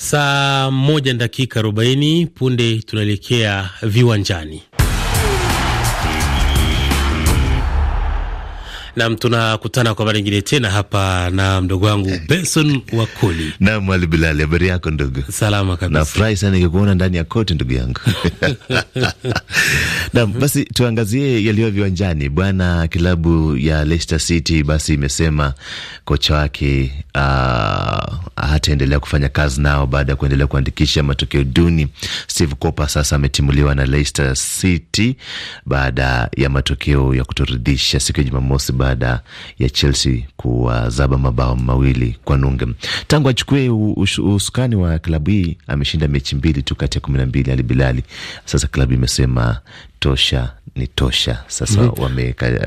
saa moja na dakika arobaini punde tunaelekea viwanjani. Nam, tunakutana kwa mara nyingine tena hapa na mdogo wangu eh. Benson Wakoli. Nam Ali Bilali, habari yako ndugu? Salama kabisa, nafurahi sana nikuona ndani ya koti ndugu yangu. Nam, basi tuangazie yaliyo viwanjani bwana. Klabu ya Leicester City basi imesema kocha wake uh, hataendelea kufanya kazi nao baada ya kuendelea kuandikisha matokeo duni. Steve Cooper sasa ametimuliwa na Leicester City baada ya matokeo ya kutoridhisha siku ya Jumamosi ba baada ya Chelsea kuwazaba mabao mawili kwa nunge. Tangu achukue usukani wa klabu hii ameshinda mechi mbili tu kati ya kumi na mbili. Ali Bilali, sasa klabu imesema tosha ni tosha. Sasa mhm.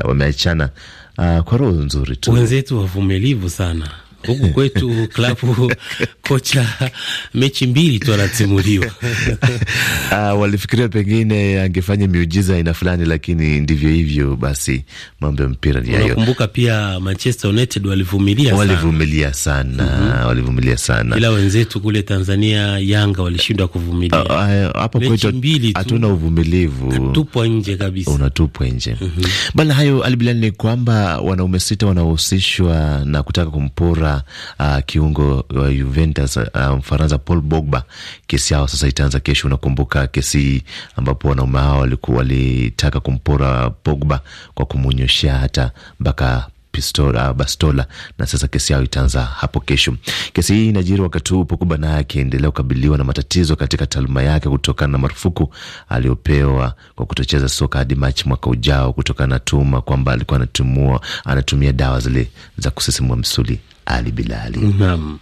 wameachana wame uh, kwa roho nzuri tu. Wenzetu wavumilivu sana huku kwetu klabu kocha mechi mbili tu anatimuliwa. Ah, walifikiria pengine angefanya miujiza aina fulani, lakini ndivyo hivyo basi, mambo ya mpira ni hayo. Nakumbuka pia Manchester United walivumilia walivumilia sana, mhm. walivumilia sana ila wenzetu kule Tanzania Yanga walishindwa kuvumilia. Ah, ah, eh, hapo kwetu hatuna uvumilivu, tupwa nje kabisa, unatupwa nje mm -hmm. Bali hayo Albilani ni kwamba wanaume sita wanahusishwa na kutaka kumpora na uh, kiungo wa uh, Juventus uh, Mfaransa Paul Pogba. Kesi yao sasa itaanza kesho. Unakumbuka kesi ambapo wanaume hao walikuwa walitaka kumpora Pogba kwa kumunyoshea hata mpaka Pistola, uh, bastola na sasa kesi yao itaanza hapo kesho. Kesi hii inajiri wakati huu Pogba naye akiendelea kukabiliwa na matatizo katika taaluma yake kutokana na marufuku aliyopewa kwa kutocheza soka hadi Machi mwaka ujao kutokana na tuma kwamba alikuwa anatumua anatumia dawa zile za kusisimua msuli. Ali Bilali. Naam.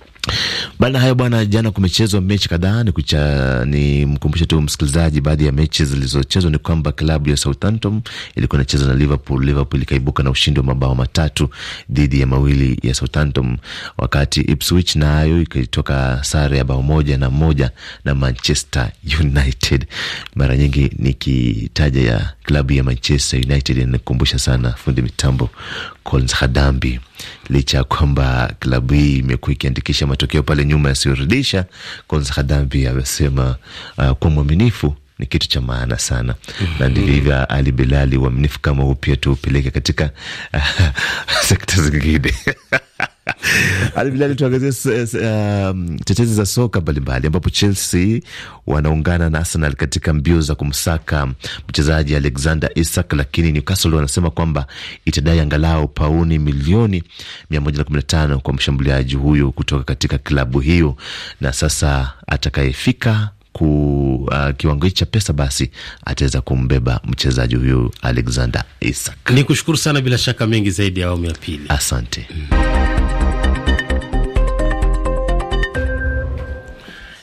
Baada ya hayo bwana, jana kumechezwa mechi kadhaa. Ni kucha ni mkumbushe tu msikilizaji, baadhi ya mechi zilizochezwa ni kwamba klabu ya Southampton ilikuwa inacheza na Liverpool. Liverpool ikaibuka na ushindi wa mabao matatu dhidi ya mawili ya Southampton, wakati Ipswich nayo na ikatoka sare ya bao moja na moja na Manchester United. Mara nyingi nikitaja ya klabu ya Manchester United inakumbusha sana fundi mitambo Collins Hadambi licha ya kwamba klabu hii imekuwa ikiandikisha matokeo pale nyuma yasiyoridhisha. Konza Hadambi amesema uh, kwa mwaminifu ni kitu cha maana sana mm -hmm. na ndivyo Ali Bilali, uaminifu kama huu pia tuupeleke katika sekta zingine. Ali Bilali, tuangazie um, tetezi za soka mbalimbali ambapo Chelsea wanaungana na Arsenal katika mbio za kumsaka mchezaji Alexander Isak, lakini Newcastle wanasema kwamba itadai angalau pauni milioni 115 kwa mshambuliaji huyo kutoka katika klabu hiyo, na sasa atakayefika ku uh, kiwango hichi cha pesa, basi ataweza kumbeba mchezaji huyu Alexander Isak. Ni kushukuru sana, bila shaka mengi zaidi ya awamu ya pili. Asante mm.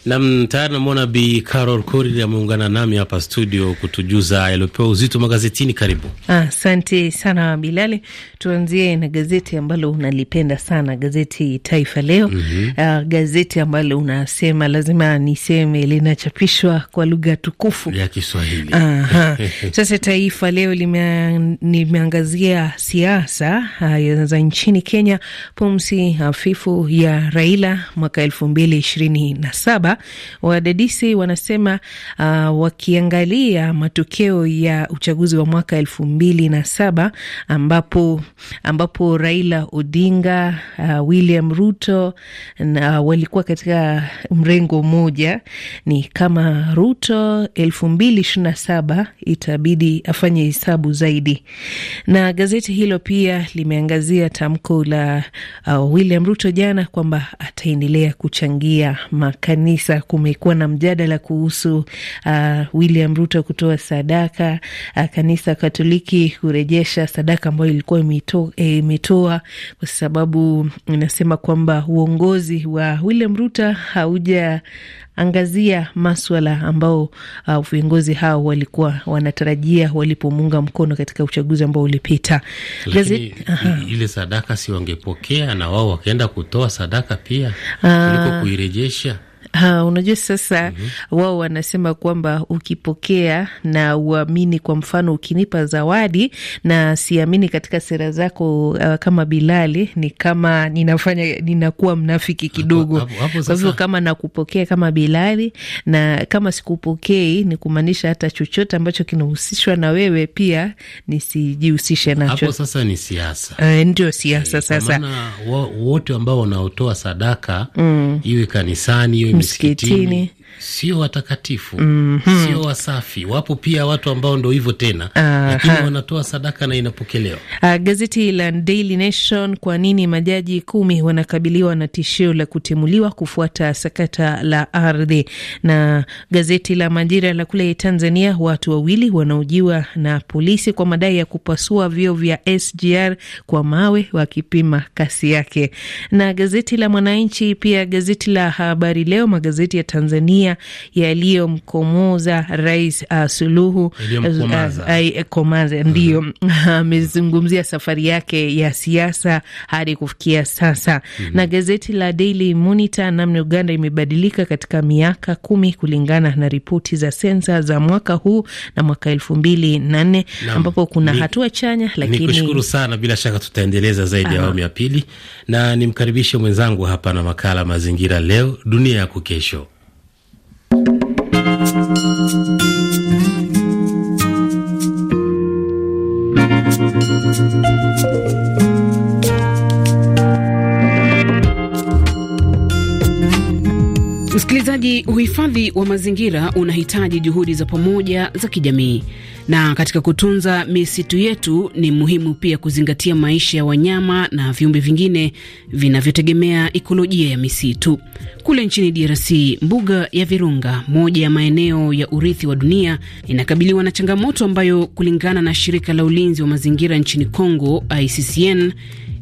Nam, tayari namwona Bi Carol Korir ameungana nami hapa studio kutujuza yaliopewa uzito magazetini. Karibu. Asante ah, sana Bilali. Tuanzie na gazeti ambalo unalipenda sana, gazeti Taifa Leo. mm -hmm. Uh, gazeti ambalo unasema lazima niseme linachapishwa kwa lugha tukufu ya Kiswahili. Sasa Taifa Leo limeangazia siasa uh, za nchini Kenya, pumsi hafifu ya Raila mwaka elfu mbili ishirini na saba wadadisi wanasema uh, wakiangalia matokeo ya uchaguzi wa mwaka elfu mbili na saba ambapo, ambapo Raila Odinga uh, William Ruto na uh, walikuwa katika mrengo mmoja. Ni kama Ruto elfu mbili ishirini na saba itabidi afanye hesabu zaidi, na gazeti hilo pia limeangazia tamko la uh, William Ruto jana kwamba ataendelea kuchangia makanisa sasa kumekuwa na mjadala kuhusu uh, William Ruto kutoa sadaka uh, kanisa Katoliki kurejesha sadaka ambayo ilikuwa imetoa, kwa sababu inasema kwamba uongozi wa William Ruto hauja angazia maswala ambao uh, viongozi hao walikuwa wanatarajia walipomuunga mkono katika uchaguzi ambao ulipita. ile sadaka si wangepokea na wao wakaenda kutoa sadaka pia ah. kuliko kuirejesha? Ha, unajua sasa mm -hmm. Wao wanasema kwamba ukipokea na uamini. Kwa mfano, ukinipa zawadi na siamini katika sera zako, uh, kama Bilali ni kama ninafanya ninakuwa mnafiki kidogo. Kwa hivyo kama nakupokea kama Bilali na kama sikupokei, ni kumaanisha hata chochote ambacho kinahusishwa na wewe pia nisijihusishe nacho. Hapo sasa ni siasa. Uh, ndio siasa eh, sasa. Wote ambao wanaotoa sadaka mm. iwe kanisani iwe Schettini. sio watakatifu mm -hmm. Sio wasafi. Wapo pia watu ambao ndo hivyo tena uh, lakini wanatoa sadaka na inapokelewa. Uh, gazeti la Daily Nation, kwa nini majaji kumi wanakabiliwa na tishio la kutimuliwa kufuata sakata la ardhi? Na gazeti la Majira la kule Tanzania, watu wawili wanaojiwa na polisi kwa madai ya kupasua vio vya SGR kwa mawe wakipima kasi yake. Na gazeti la Mwananchi pia gazeti la Habari Leo, magazeti ya Tanzania Tanzania yaliyomkomoza Rais uh, Suluhu uh, uh, Komaza, ndio amezungumzia safari yake ya siasa hadi kufikia sasa mm -hmm. na gazeti la Daily Monitor namna Uganda imebadilika katika miaka kumi kulingana na ripoti za sensa za mwaka huu na mwaka elfu mbili na nne ambapo kuna ni, hatua chanya lakini... kushukuru sana, bila shaka tutaendeleza zaidi ya awamu ya pili, na nimkaribishe mwenzangu hapa na makala mazingira leo dunia yako kesho. Thank you. Msikilizaji, uhifadhi wa mazingira unahitaji juhudi za pamoja za kijamii, na katika kutunza misitu yetu ni muhimu pia kuzingatia maisha ya wanyama na viumbe vingine vinavyotegemea ikolojia ya misitu. Kule nchini DRC, mbuga ya Virunga, moja ya maeneo ya urithi wa dunia, inakabiliwa na changamoto ambayo, kulingana na shirika la ulinzi wa mazingira nchini Congo, ICCN,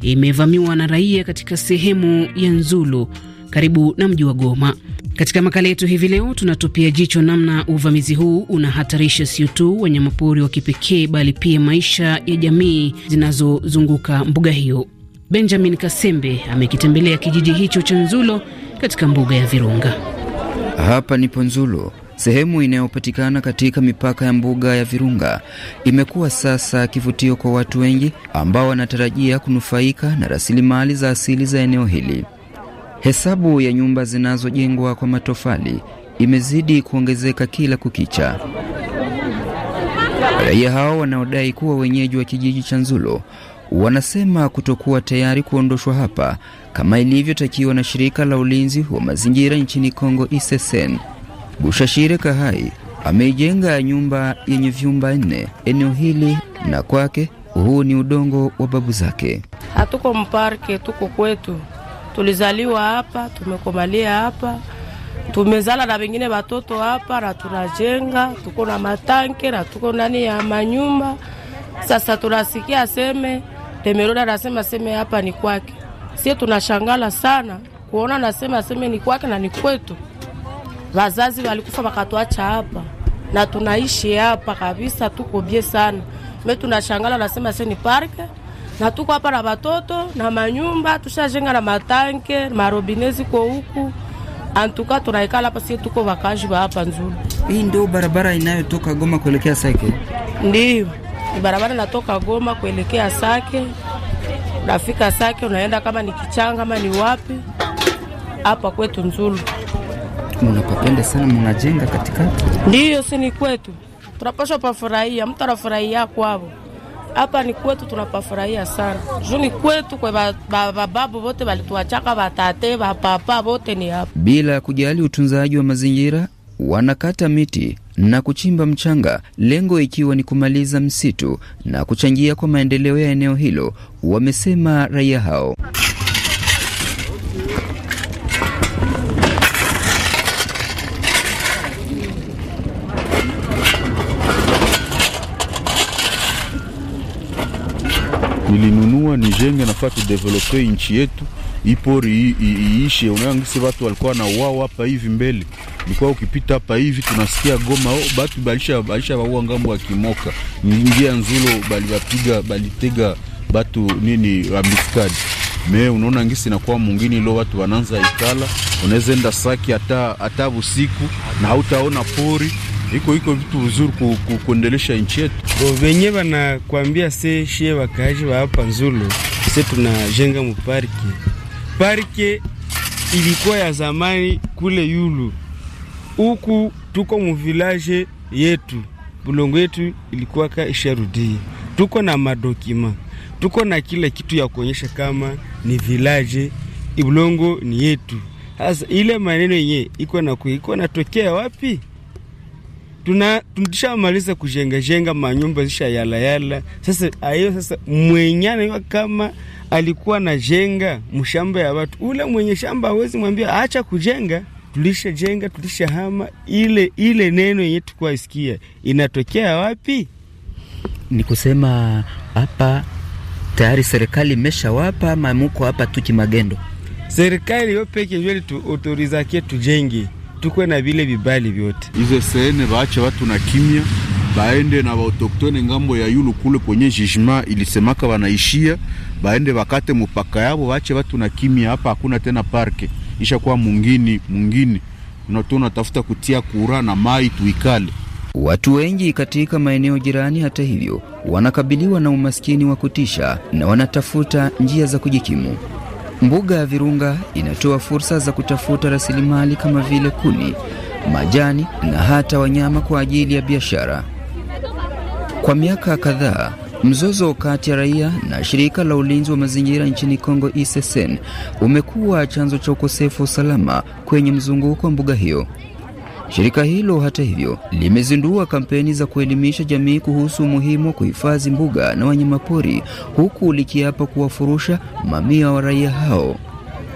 imevamiwa na raia katika sehemu ya Nzulu karibu na mji wa Goma. Katika makala yetu hivi leo tunatupia jicho namna uvamizi huu unahatarisha sio tu wanyamapori wa kipekee, bali pia maisha ya jamii zinazozunguka mbuga hiyo. Benjamin Kasembe amekitembelea kijiji hicho cha Nzulo katika mbuga ya Virunga. Hapa nipo Nzulo, sehemu inayopatikana katika mipaka ya mbuga ya Virunga imekuwa sasa kivutio kwa watu wengi ambao wanatarajia kunufaika na rasilimali za asili za eneo hili. Hesabu ya nyumba zinazojengwa kwa matofali imezidi kuongezeka kila kukicha. Raia hao wanaodai kuwa wenyeji wa kijiji cha Nzulo wanasema kutokuwa tayari kuondoshwa hapa kama ilivyotakiwa na shirika la ulinzi wa mazingira nchini Kongo ISSN. Bushashire Kahai ameijenga nyumba yenye vyumba nne eneo hili, na kwake huu ni udongo wa babu zake. Hatuko mparke, tuko kwetu Tulizaliwa hapa, tumekomalia hapa, tumezala na wengine watoto hapa, na tunajenga, tuko na matanke na tuko ndani ya manyumba. Sasa tunasikia aseme Demerode anasema seme hapa ni kwake, sie tunashangala sana kuona nasema aseme ni kwake na ni kwetu. Wazazi walikufa wakatuacha hapa na tunaishi hapa kabisa, tuko bie sana me tunashangala, nasema se ni parke na tuko hapa na watoto na manyumba tushajenga na matanke marobinezi kwa huku antuka tunaikala hapa sisi tuko wakaji wa hapa nzuri. Hii ndio barabara inayotoka Goma kuelekea Sake? Ndiyo, barabara inatoka Goma kuelekea Sake. Unafika Sake unaenda kama ni Kichanga ama ni wapi, hapa kwetu nzuri. Mnapapenda sana mnajenga katikati? Ndio, si ni kwetu, tunapaswa pafurahia, mtu anafurahia kwao hapa ni kwetu, tunapafurahia sana juu ni kwetu kwa bababu ba, ba, vote valituachaka vatate vapapa vote ni hapa. Bila kujali utunzaji wa mazingira, wanakata miti na kuchimba mchanga, lengo ikiwa ni kumaliza msitu na kuchangia kwa maendeleo ya eneo hilo, wamesema raia hao. ni jenge nafaa tudevelope nchi yetu ipori iishe. Unaangisi watu walikuwa na wao hapa hivi mbele, nilikuwa ukipita hapa hivi tunasikia Goma oh, batu balisha balisha waua ngambo wa kimoka njia nzulo baliwapiga balitega batu nini wamiskadi me unaona ngisi nakuwa mungini lo watu wananza ikala, unaweza enda Saki hata hata usiku na hautaona pori iko iko vitu vizuri kuendelesha nchi yetu. Wenye wanakwambia se shie wakaaji wa hapa Nzulu, se tunajenga muparke. Parke ilikuwa ya zamani kule yulu, huku tuko muvilaje yetu, bulongo yetu ilikuwa ka isharudia. Tuko na madokima, tuko na kila kitu ya kuonyesha kama ni vilaje, ibulongo ni yetu. Hasa ile maneno yenye iko na natokea wapi? tuna tushamaliza jenga manyumba zisha yala yala. Sasa ayo sasa mwenyana kama alikuwa jenga mshamba ya watu, ule mwenye shamba hawezi mwambia acha kujenga. tulisha hama. Ile ile neno yenye tulikuwa isikia inatokea wapi? Ni kusema hapa tayari serikali imeshawapa ama muko hapa tu kimagendo? Serikali yo peke tu tujenge tukwe na vile vibali vyote, hizo sene vaacha watu na kimya baende na waautoktone ngambo ya yulu kule kwenye jijima ilisemaka wanaishia, baende vakate mupaka yabo, wache watu na kimya. Hapa hakuna tena parke, kuwa mungini mungini, unatona tafuta kutia kura na mai tuikale. Watu wengi katika maeneo jirani, hata hivyo, wanakabiliwa na umaskini wa kutisha na wanatafuta njia za kujikimu. Mbuga ya Virunga inatoa fursa za kutafuta rasilimali kama vile kuni, majani na hata wanyama kwa ajili ya biashara. Kwa miaka kadhaa, mzozo kati ya raia na shirika la ulinzi wa mazingira nchini Kongo ICCN umekuwa chanzo cha ukosefu wa usalama kwenye mzunguko wa mbuga hiyo. Shirika hilo hata hivyo limezindua kampeni za kuelimisha jamii kuhusu umuhimu wa kuhifadhi mbuga na wanyamapori huku likiapa kuwafurusha mamia wa raia hao.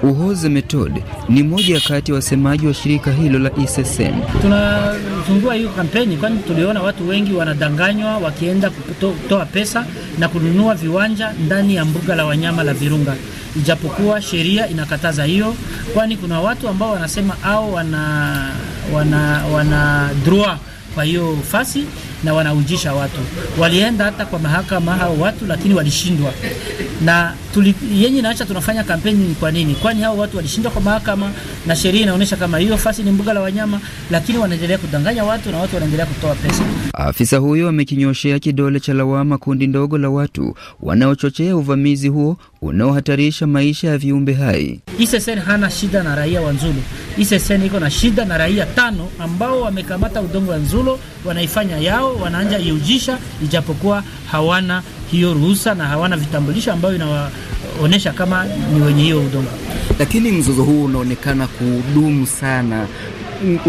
Uhoze Method ni mmoja kati ya wasemaji wa shirika hilo la ISSN. E e Tunazungua hiyo kampeni, kwani tuliona watu wengi wanadanganywa wakienda kutoa pesa na kununua viwanja ndani ya mbuga la wanyama la Virunga, ijapokuwa sheria inakataza hiyo, kwani kuna watu ambao wanasema au wana wana, wana droit kwa hiyo fasi na wanaujisha watu. Walienda hata kwa mahakama hao watu, lakini walishindwa. Na tuli, yenye naacha tunafanya kampeni ni kwa nini? Kwani hao watu walishindwa kwa mahakama na sheria inaonyesha kama hiyo fasi ni mbuga la wanyama, lakini wanaendelea kudanganya watu na watu wanaendelea kutoa pesa. Afisa huyo amekinyoshea kidole cha lawama kundi ndogo la watu wanaochochea uvamizi huo unaohatarisha maisha ya viumbe hai. ISSN hana shida na raia wa Nzulo. ISSN iko na shida na raia tano ambao wamekamata udongo wa Nzulo wanaifanya yao wao wanaanja ijapokuwa hawana hiyo ruhusa na hawana vitambulisho ambayo inawaonyesha kama ni wenye hiyo udongo. Lakini mzozo huu unaonekana kudumu sana.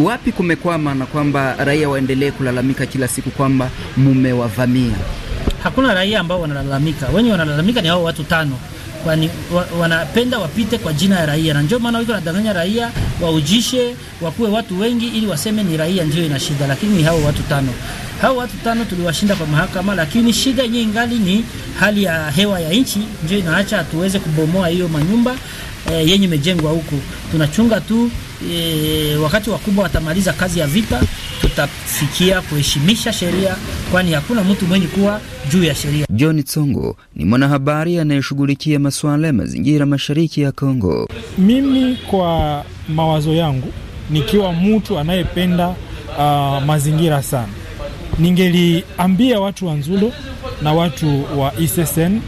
Wapi kumekwama na kwamba raia waendelee kulalamika kila siku kwamba mumewavamia? Hakuna raia ambao wanalalamika, wenye wanalalamika ni hao watu tano kwani wa, wanapenda wapite kwa jina ya raia, na ndio maana wiko wanadanganya raia waujishe wakuwe watu wengi ili waseme ni raia ndio ina shida, lakini ni hao watu tano. Hao watu tano tuliwashinda kwa mahakama, lakini shida yenyewe ingali ni hali ya hewa ya nchi, ndio inaacha hatuweze kubomoa hiyo manyumba e, yenye imejengwa huko. Tunachunga tu e, wakati wakubwa watamaliza kazi ya vita tutafikia kuheshimisha sheria, kwani hakuna mtu mwenye kuwa juu ya sheria. John Tsongo ni mwanahabari anayeshughulikia masuala ya mazingira mashariki ya Kongo. Mimi kwa mawazo yangu, nikiwa mtu anayependa uh, mazingira sana, ningeliambia watu wa Nzulo na watu wa ISSN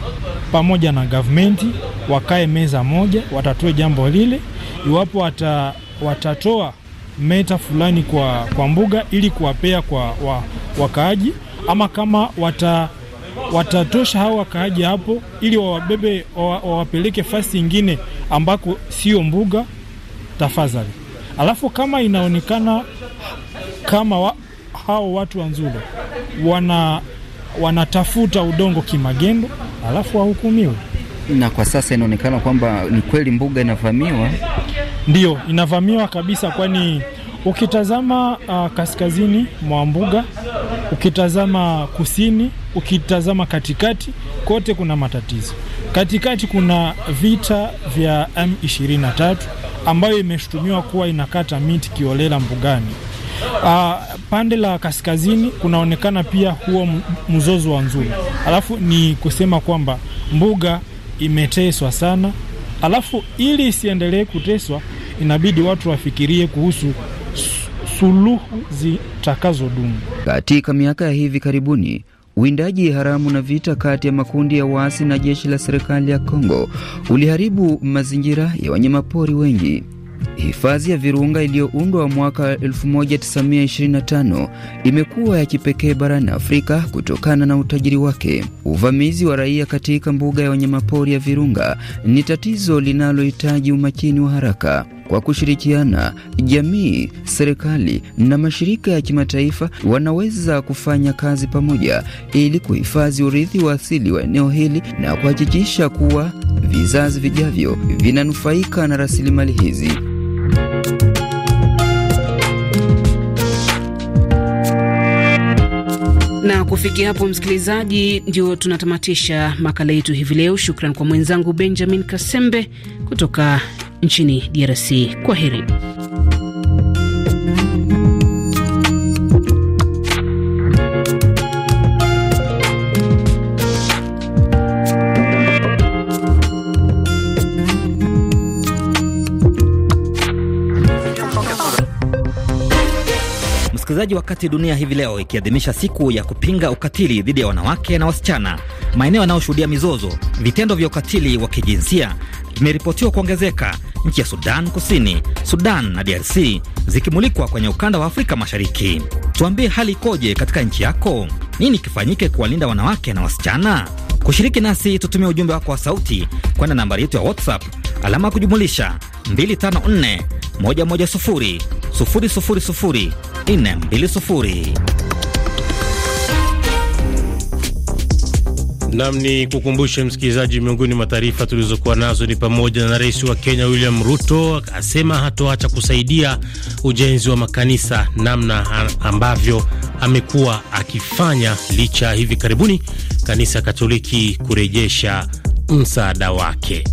pamoja na gavmenti wakae meza moja, watatue jambo lile. Iwapo wata, watatoa meta fulani kwa, kwa mbuga ili kuwapea kwa wa, wakaaji ama kama wata watatosha hao wakaaji hapo ili wawabebe wawapeleke fasi ingine ambako sio mbuga, tafadhali. Alafu kama inaonekana kama wa, hao watu wa wana wanatafuta udongo kimagendo, alafu wahukumiwe. Na kwa sasa inaonekana kwamba ni kweli mbuga inavamiwa, ndio inavamiwa kabisa, kwani ukitazama uh, kaskazini mwa mbuga, ukitazama kusini, ukitazama katikati, kote kuna matatizo. Katikati kuna vita vya M23 ambayo imeshutumiwa kuwa inakata miti kiolela mbugani. Uh, pande la kaskazini kunaonekana pia huo mzozo wa nzuri Alafu ni kusema kwamba mbuga imeteswa sana, alafu ili isiendelee kuteswa inabidi watu wafikirie kuhusu suluhu zitakazodumu. Katika miaka ya hivi karibuni, uwindaji haramu na vita kati ya makundi ya waasi na jeshi la serikali ya Kongo uliharibu mazingira ya wanyamapori wengi. Hifadhi ya Virunga iliyoundwa mwaka 1925 imekuwa ya kipekee barani Afrika kutokana na utajiri wake. Uvamizi wa raia katika mbuga ya wanyamapori ya Virunga ni tatizo linalohitaji umakini wa haraka. Kwa kushirikiana, jamii, serikali na mashirika ya kimataifa wanaweza kufanya kazi pamoja ili kuhifadhi urithi wa asili wa eneo hili na kuhakikisha kuwa vizazi vijavyo vinanufaika na rasilimali hizi. Na kufikia hapo, msikilizaji, ndio tunatamatisha makala yetu hivi leo. Shukran kwa mwenzangu Benjamin Kasembe kutoka nchini DRC. Kwa heri. Msikilizaji, wakati dunia hivi leo ikiadhimisha siku ya kupinga ukatili dhidi ya wanawake na wasichana, maeneo yanayoshuhudia mizozo, vitendo vya ukatili wa kijinsia vimeripotiwa kuongezeka nchi ya Sudan Kusini, Sudan na DRC zikimulikwa kwenye ukanda wa Afrika Mashariki. Tuambie hali ikoje katika nchi yako? Nini kifanyike kuwalinda wanawake na wasichana? Kushiriki nasi, tutumie ujumbe wako wa sauti kwenda nambari yetu ya WhatsApp alama ya kujumulisha 254 Nam ni kukumbushe msikilizaji, miongoni mwa taarifa tulizokuwa nazo ni pamoja na rais wa Kenya William Ruto asema hatoacha kusaidia ujenzi wa makanisa, namna ambavyo amekuwa akifanya licha hivi karibuni kanisa Katoliki kurejesha msaada wake.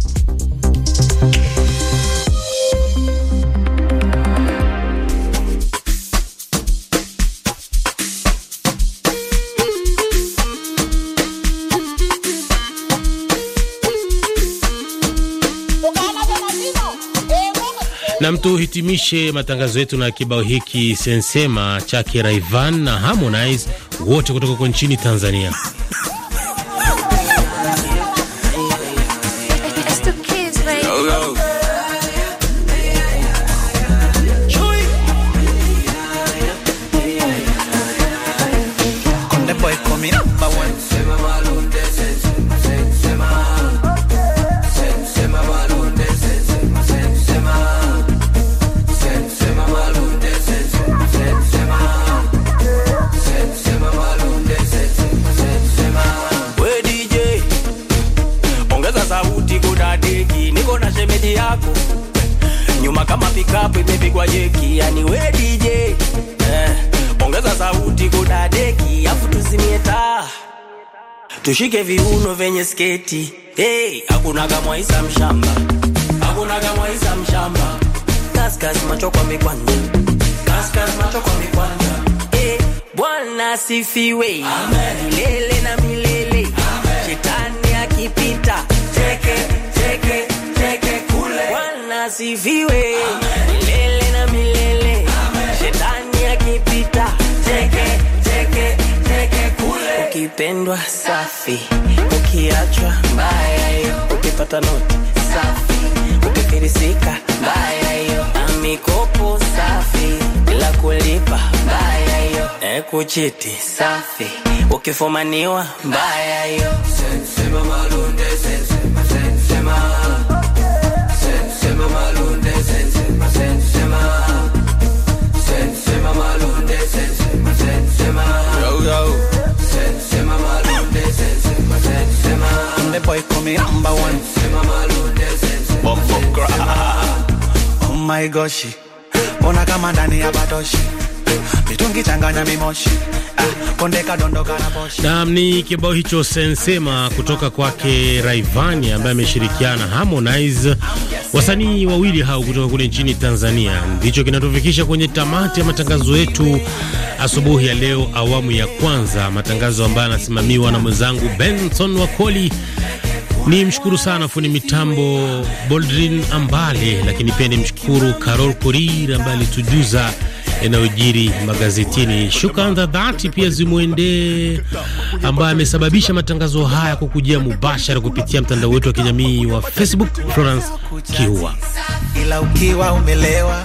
Nam, tuhitimishe matangazo yetu na kibao hiki sensema chake Raivan na Harmonize wote kutoka kwa nchini Tanzania. tushike viuno venye sketi hey, akunaga mwaisa mshamba akunaga mwaisa mshamba kaskas macho kwa mikwanja kaskas macho kwa mikwanja hey, bwana sifiwe milele na milele Amen. shetani akipita cheke cheke cheke kule bwana sifiwe milele na milele Amen. shetani akipita cheke ukipendwa safi, ukiachwa mbaya hiyo, ukipata noti safi, ukifirisika mbaya hiyo, na mikopo safi, bila kulipa mbaya hiyo, e kuchiti safi, ukifumaniwa mbaya hiyo. yo yo the boy coming number one. Bump up girl. Ah, ah, ah, oh my gosh. she. Ona kama ndani ya badoshi. Mitungi changanya mimoshi. Naam, ni kibao hicho sensema kutoka kwake Raivani ambaye ameshirikiana Harmonize, wasanii wawili hao kutoka kule nchini Tanzania. Ndicho kinatufikisha kwenye tamati ya matangazo yetu asubuhi ya leo, awamu ya kwanza, matangazo ambayo anasimamiwa na mwenzangu Benson Wakoli. Ni mshukuru sana fundi mitambo Boldrin Ambale, lakini pia ni mshukuru Carol Korir ambaye alitujuza yanayojiri magazetini. Shukrani za dhati pia zimwendee ambaye amesababisha matangazo haya kukujia mubashara kupitia mtandao wetu wa kijamii wa Facebook, Florence Kiua. Ila ukiwa umelewa